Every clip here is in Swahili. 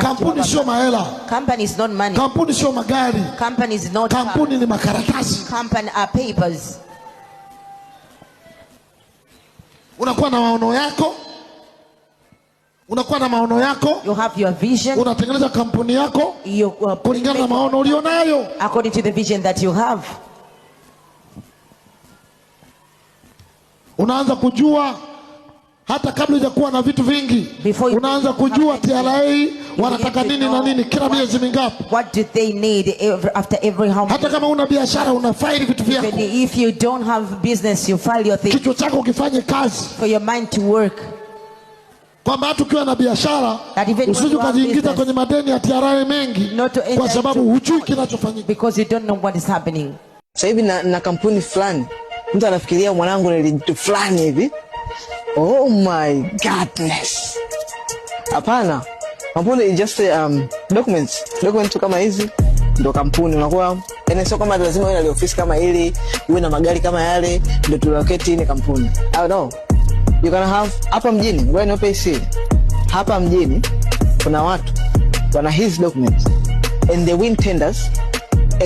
Kampuni sio mahela. Company is not money. Kampuni sio magari. Company is not kampuni ni makaratasi. Company are papers. Unakuwa na maono yako unakuwa na maono yako, you have your vision, unatengeneza kampuni yako uh, kulingana na maono ulionayo, according to the vision that you have. Unaanza kujua hata kabla hujakuwa na vitu vingi, unaanza kujua TRA wanataka nini na nini kila miezi mingapi. What do they need after every home hata kama una biashara una file vitu vyako. If you don't have business you file your things. Kichwa chako kifanye kazi. For your mind to work kwamba hata ukiwa na biashara usije ukajiingiza kwenye madeni ya TRA mengi, kwa sababu hujui kinachofanyika, because you don't know what is happening. Sasa hivi na, na kampuni fulani, mtu anafikiria mwanangu ni fulani hivi. Oh my godness hapana kampuni just um, documents document tu kama hizi ndo kampuni unakuwa yani, sio kama lazima uwe na ofisi kama ili uwe na magari kama yale ndo tuloketi ni kampuni. I don't know you gonna have hapa mjini, wewe ni hisi hapa mjini kuna watu wana his documents and they win tenders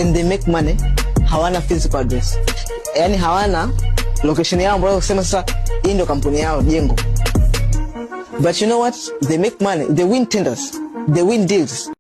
and they make money, hawana physical address, yani hawana location yao ambayo kusema sasa hii ndio kampuni yao jengo But you know what? They make money. They win tenders. They win deals.